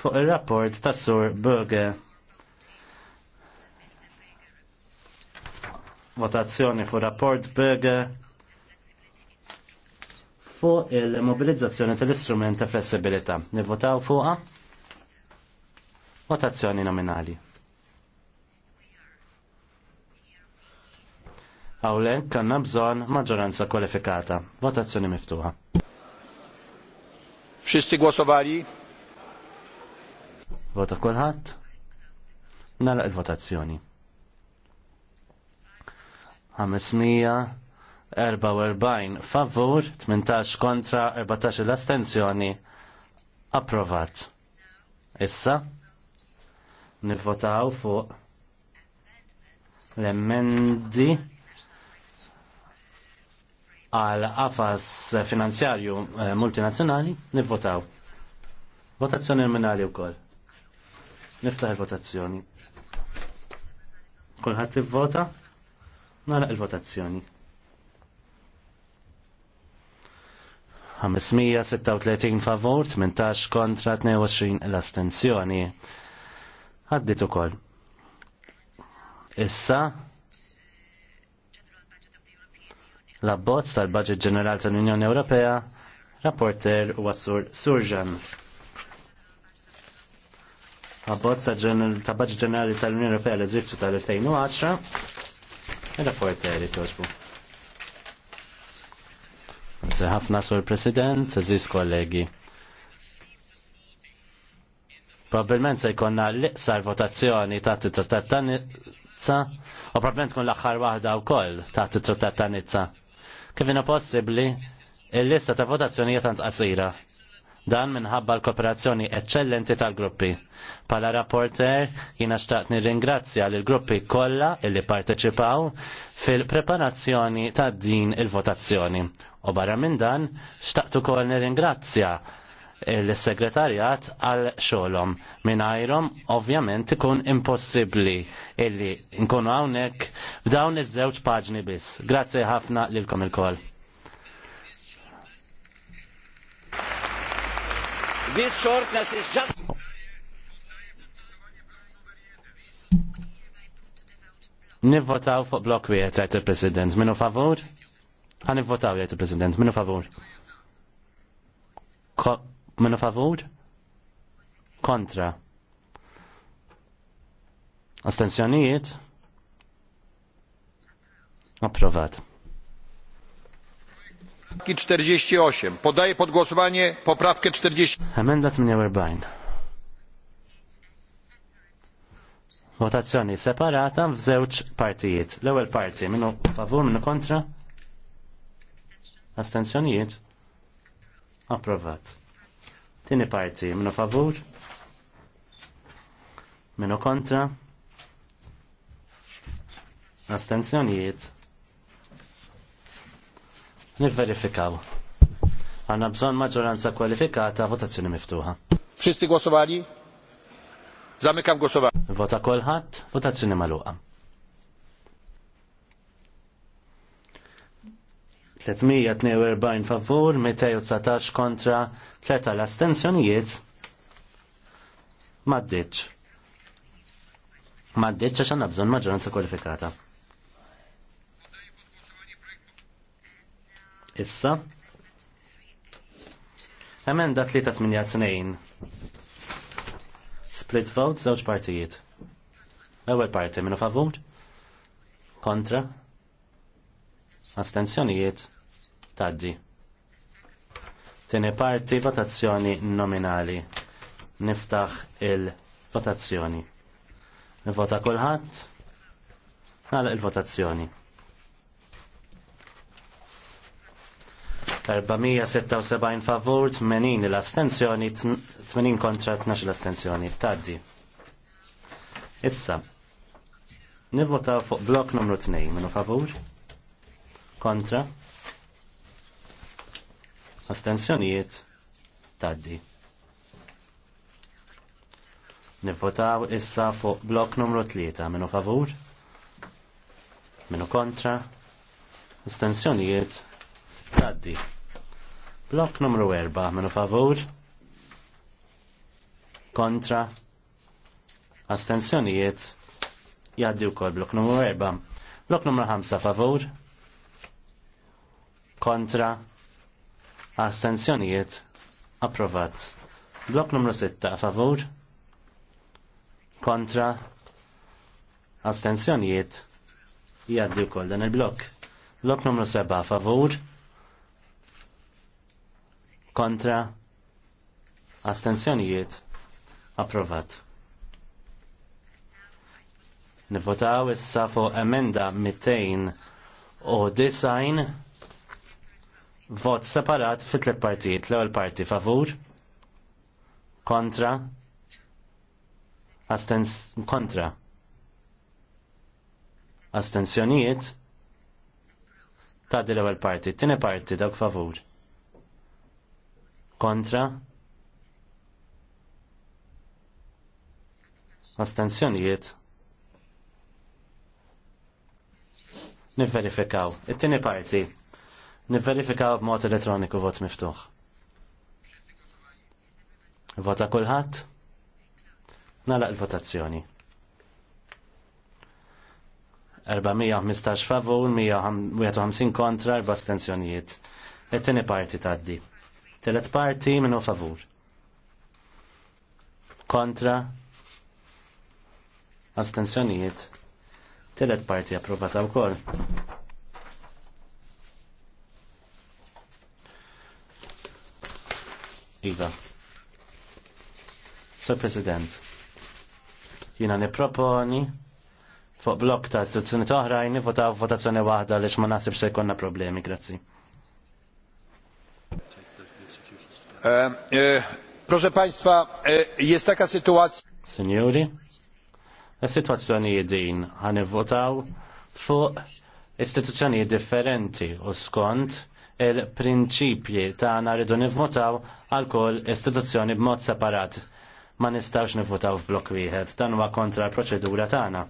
fuq il-rapport ta' Sur Böge. Votazzjoni fuq rapport Böge fuq il-mobilizzazzjoni tal-istrument ta' flessibilità. Nivvotaw fuqa? Votazzjoni nominali. Għawlek kanna bżon maġġoranza kwalifikata. Votazzjoni miftuħa. Wszyscy głosowali? Vota kulħadd. Nara il-votazzjoni. 544 favur, 18 kontra, 14 l-astenzjoni. Approvat. Issa, nivvotaw fuq l-emendi għal afas finanzjarju eh, multinazzjonali nivvotaw. Votazzjoni nominali wkoll. Niftaħ il-votazzjoni. Kulħadd ivvota? Nara il-votazzjoni. 536 favor, 18 kontra 22 l-astenzjoni. Għaddit ukoll. Issa l-abbozz tal-Budget Ġenerali tal-Unjoni Ewropea, rapporter Wassur Surjan abbozza ta' Baġġ ġenerali tal-Unjoni Ewropea l-eżerċu tal-2010. Il-rapporteri e toġbu. Grazie ħafna sur President, eżis kollegi. Probabilment se jkonna l-iqsar votazzjoni ta' titru ta' Nizza, u probabilment kun l-axħar waħda wkoll ta' titru ta' Nizza. Kif possibbli il-lista ta' votazzjonijiet tant qasira. Dan minħabba l-kooperazzjoni eccellenti tal-gruppi. Pala rapporter, jina xtaqt nirringrazzja l gruppi kolla illi parteċipaw fil-preparazzjoni ta' din il-votazzjoni. U barra minn dan, xtaqt ukoll nirringrazzja l-segretarjat għal xolom. ajrom, ovvjament ikun impossibli illi nkunu hawnhekk f'dawn iż-żewġ paġni biss. Grazzi ħafna lilkom il This shortness is just... Nivvotaw fuq blok wieħed jgħid il-President. Minu favur? Ħa nivvotaw jgħid il-President. Minu favur? Ko minu favur? Kontra. Astenzjonijiet? Approvat. 48. Podaję pod głosowanie poprawkę 40. Emenda 48. Votazzjoni separata f'żewġ partijiet. L-ewwel parti minnu favur minnu kontra? Astenzjonijiet? Approvat. Tieni parti minnu favur? Minnu kontra? Astenzjonijiet? Nivverifikaw. Għanna bżon maġġoranza kwalifikata votazzjoni miftuħa. Wszyscy Zammi kam głosowanie. Vota kolħat, votazzjoni maluqa. 342 favur, 219 kontra, 3 l astenzjonijiet Maddiċ. Maddiċ għax għanna bżon maġġoranza kwalifikata. Issa. Emenda snejn. Split vote, żewġ partijiet. Ewwel parti minu favur? Kontra? Astenzjonijiet? Taddi. Tieni parti votazzjoni nominali. Niftaħ il-votazzjoni. Nivota kulħadd? Nagħlaq il-votazzjoni. 476 favur, 80 l-astenzjoni, 80 kontra 12 l-astenzjoni. Taddi. Issa. Nivvota fuq blok numru 2. Minu favur? Kontra? Astenzjonijiet? Taddi. Nivvotaw issa fuq blok numru 3. Minu favur? Minu kontra? Astenzjonijiet? Taddi. Blok numru 4 minu favur kontra astensjonijiet jaddi u kol blok numru 4. Blok numru 5 favur kontra astensjonijiet approvat. Blok numru 6 favur kontra astenzjonijiet? jaddi u kol dan il-blok. Blok numru 7 favur kontra Astenzjonijiet? approvat. Nivotaw issa fuq emenda 200 u design vot separat fit tliet partijiet. L-ewwel parti favur, kontra, astens kontra. Astensjonijiet ta' l-ewwel parti, tieni parti dak favur kontra astenzjonijiet Nivverifikaw. It-tieni parti. Nivverifikaw b'mod elettroniku vot miftuħ. Vota kulħadd? Nalaq il-votazzjoni. 415 favur, 151 kontra, 4 stenzjonijiet. Et-tieni parti taddi. Telet parti minnu favur. Kontra. Astenzjonijiet. Telet parti approvata wkoll. Iva. Sir President, jina niproponi fuq blok ta' istituzzjoni toħrajn votaw votazzjoni waħda lix ma nasibx se jkollna problemi, grazzi. E, e, proszę Państwa, e, jest taka sytuacja. Signori, la situazzjoni din ħanivvotaw fuq istituzzjonijiet differenti u skont il-prinċipji tagħna rridu nivvotaw għal kull istituzzjoni b'mod separat. Ma nistawx nivvotaw f'blok wieħed, dan huwa kontra l-proċedura tagħna.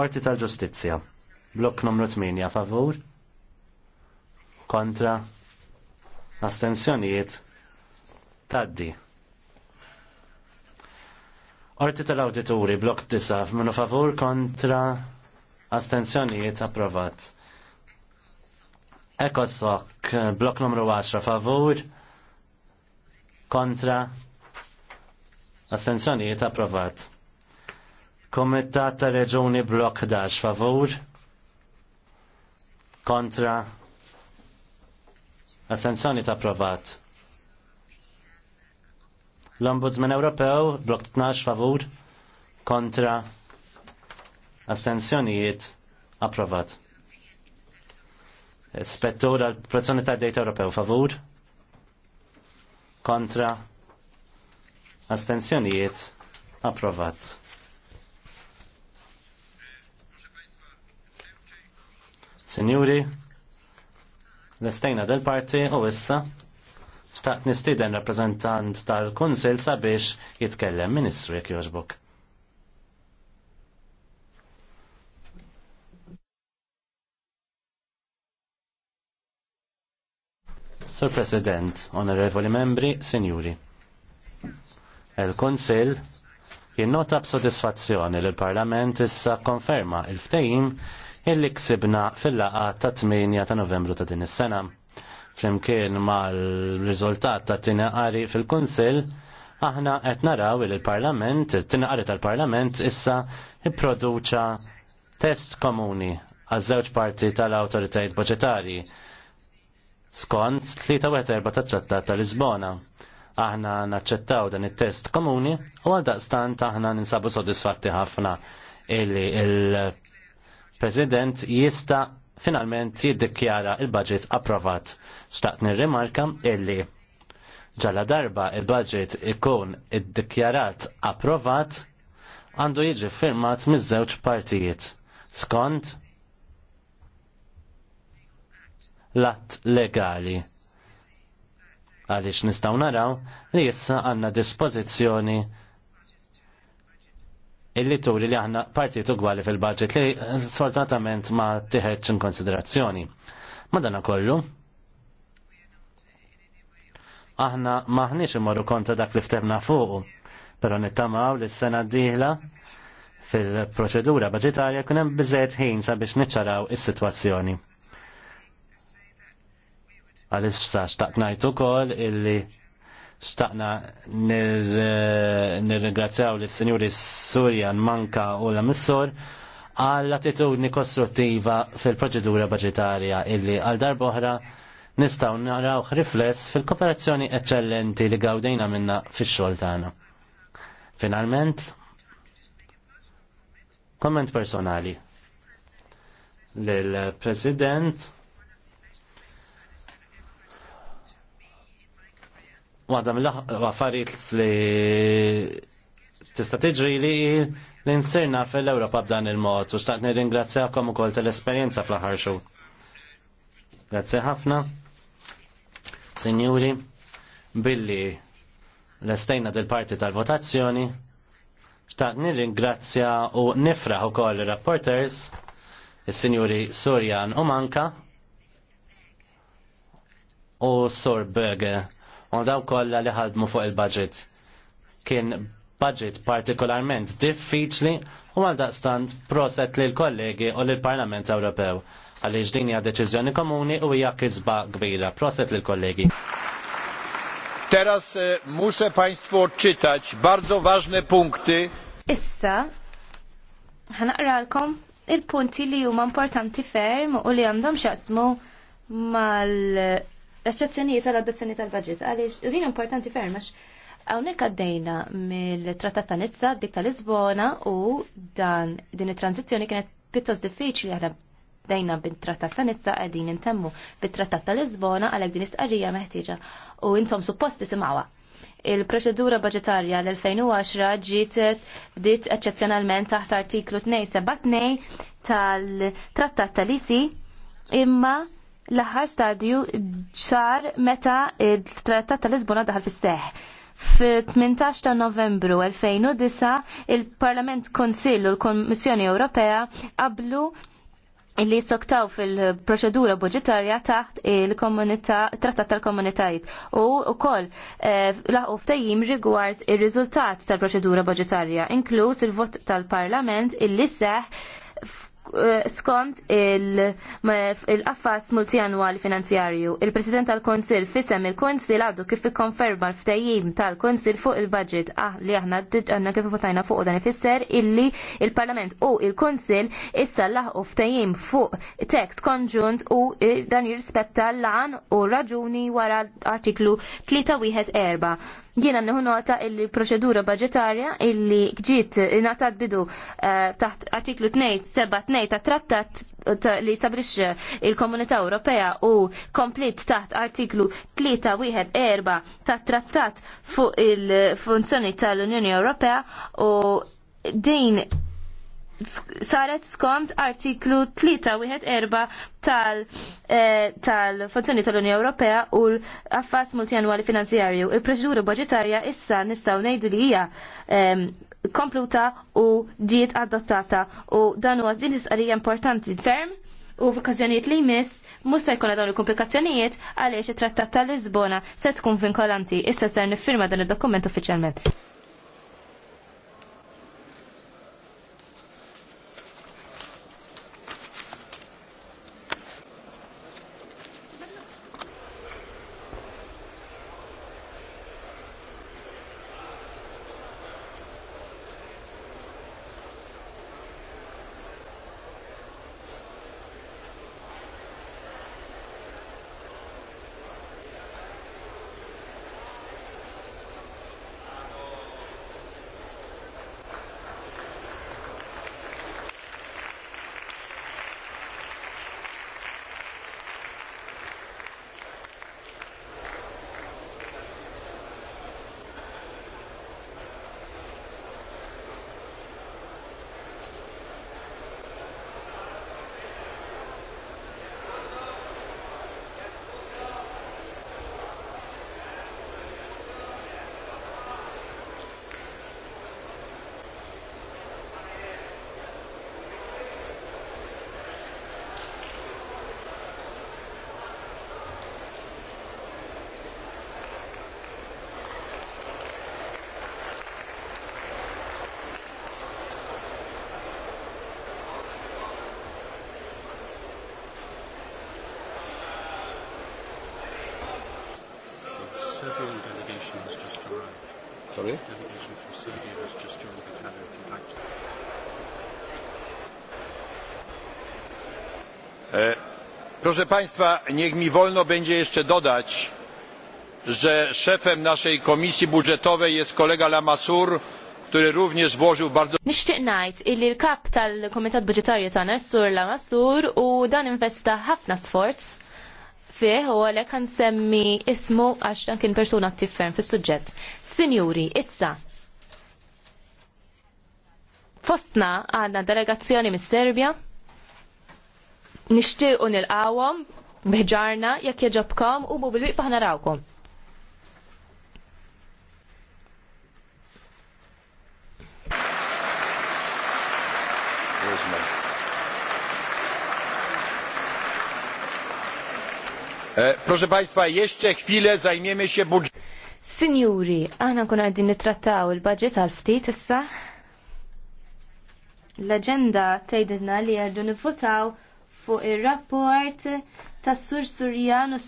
Orti tal-Ġustizzja. Blok numru 8 favur. Kontra astensjonijiet taddi. Orti tal-awdituri blok 9 minu favur kontra astensjonijiet approvat. Ekosok blok numru 10 favur kontra astensjonijiet approvat. Komitat reġuni blok 10. favur kontra Assenzjoni ta' provat. L-Ombudsman Ewropew, blok 12 favur, kontra astensjonijiet approvat. Spettur għal protezzjoni ta' dejta Ewropew favur, kontra astensjonijiet approvat. Signori, Nistejna del-parti u issa xtaqt nistiden rappresentant tal-Kunsil sabiex jitkellem ministru jekk joġbok. Sir President, onorevoli membri, sinjuri. Il-Konsil jinnota b'sodisfazzjoni li l-Parlament issa konferma il-ftejim illi ksibna fil-laqa ta' 8 ta' novembru ta' din is-sena. Flimkien mal-riżultat ta' tinaqari fil-Kunsill, aħna qed naraw il parlament it-tinaqari tal-Parlament issa ipproduċa test komuni għaż-żewġ parti tal-awtoritajiet budġetarji skont 3-4 ta' trattat ta' Lisbona. Aħna naċċettaw dan it-test komuni u għaldaqstant aħna ninsabu sodisfatti ħafna illi il President jista finalment jiddikjara il-budget approvat. Staqt nirrimarka illi ġalla darba il-budget ikun iddikjarat approvat għandu jiġi firmat miż-żewġ partijiet. Skont l-att legali. Għaliex nistaw naraw li jissa għanna dispożizzjoni illi turi li aħna partitu gwali fil-budget li eh, sfortunatament ma tiħeċ in konsiderazzjoni. dana kollu, aħna maħniċ imorru kontra dak li ftemna fuq, pero nittamaw li s-sena diħla fil-proċedura budgetarja kunem bizzejt ħin sabiex niċċaraw is-sitwazzjoni. Għalix sa xtaqnajtu kol illi xtaqna nir nirringrazzjaw lis sinjuri Surjan Manka u l-Missor għall attitudni kostruttiva fil-proċedura budgetarja illi għal darba oħra nistgħu naraw rifless fil-kooperazzjoni eċċellenti li gawdejna minna fix-xogħol tagħna. Finalment, komment personali lill-President Għadam l-affarijiet li tista' tiġri li l-insirna fil-Ewropa b'dan il-mod u xtaqt nirringrazzjakom ukoll tal-esperjenza fl-aħħar xhur. Grazzi ħafna. Sinjuri, billi l-estejna del-parti tal-votazzjoni, xtaqt nirringrazzja u nifraħ ukoll ir-rapporters, is-Sinjuri Surjan u Manka u Sorbege u daw kollha li ħadmu fuq il-budget. Kien budget partikolarment diffiċli u għaldaqstant proset li l-kollegi u l-Parlament Ewropew għaliex din hija deċiżjoni komuni u hija kisba kbira. Proset li l-kollegi. Teraz e, muszę Państwu odczytać bardzo ważne punkty. Issa, ħanaqralkom il-punti li huma importanti ferm u li għandhom xasmu mal eċċezzjonijiet tal-adozzjoni tal-budget għaliex din importanti fermax. Għawnek għaddejna mill-trattat ta' Nizza, dik ta' Lisbona u dan din it-tranzizjoni kienet pittos diffiċli aħna dejna bit-trattat ta' Nizza għedin intemmu bit-trattat ta' Lisbona għalek din istqarrija meħtieġa u intom supposti simawa. Il-proċedura budgetarja l-2010 ġiet bdiet eċċezzjonalment taħt artiklu 272 tal-trattat tal-ISI imma l-aħħar stadju ċar meta il-Trattat ta' Lisbona daħal fis-seħ. F-18 ta' novembru 2009 il-Parlament Konsil u l-Kommissjoni Ewropea qablu li soktaw fil-proċedura budgetarja taħt il trattat tal komunitajt u wkoll eh, laħqu ftajim rigward ir-riżultat tal-proċedura budgetarja, inkluż il-vot tal-Parlament illi seħ Eh, skont il eh, affas multianwali finanzjarju. Il-President tal-Konsil fissem il-Konsil għaddu kif ikkonferma l-ftajim tal-Konsil fuq il-budget ah li aħna għanna kif votajna fuq dan ifisser illi il-Parlament u il-Konsil issa laħqu ftajim fuq tekst konġunt u eh, dan jirrispetta l-għan u raġuni wara artiklu 3 4. Jiena nieħu nota illi proċedura budgetarja illi ġiet ingħatat bidu eh, taħt artiklu 272 ta' trattat li sabrix il-Komunità Ewropea u komplit taħt artiklu 3.1.4 ta' trattat fuq il-funzjoni tal-Unjoni Ewropea u din saret skont artiklu 3.1.4 tal eh, tal-funzjoni tal-Unja Ewropea u l-affas multianwali finanzjarju. Il-proċedura budgetarja issa nistaw nejdu li hija ehm, kompluta u ġiet adottata u dan huwa din isqarija importanti ferm u f'okkażjonijiet li jmiss mhux se jkollna dawn il-komplikazzjonijiet għaliex it-Trattat tal-Lisbona se tkun vinkolanti. Issa ser niffirma dan id-dokument uffiċjalment. Proszę Państwa, niech mi wolno będzie jeszcze dodać, że szefem naszej komisji budżetowej jest kolega Lamassur, który również włożył bardzo... Nishtiq najt illi l-kap tal-Komitat Budżetarju tagħna Sur Lamassur u dan investa ħafna sforz fih u għalhekk ismu għax dan kien persuna tifhem fis-suġġett. Sinjuri, issa Fostna għandna delegazzjoni mis-Serbja, nixtiequ nilqawhom biħġarna jekk jaġobkom u bil-wieqfa ħna e, Proszę Państwa, jeszcze chwilę zajmiemy się budżetem. Signori, għana kun għaddin nitrattaw il-budget għal-ftit issa. L-agenda tejdidna li għaddu nivvotaw fuq ir rapport tas Sur Surjan u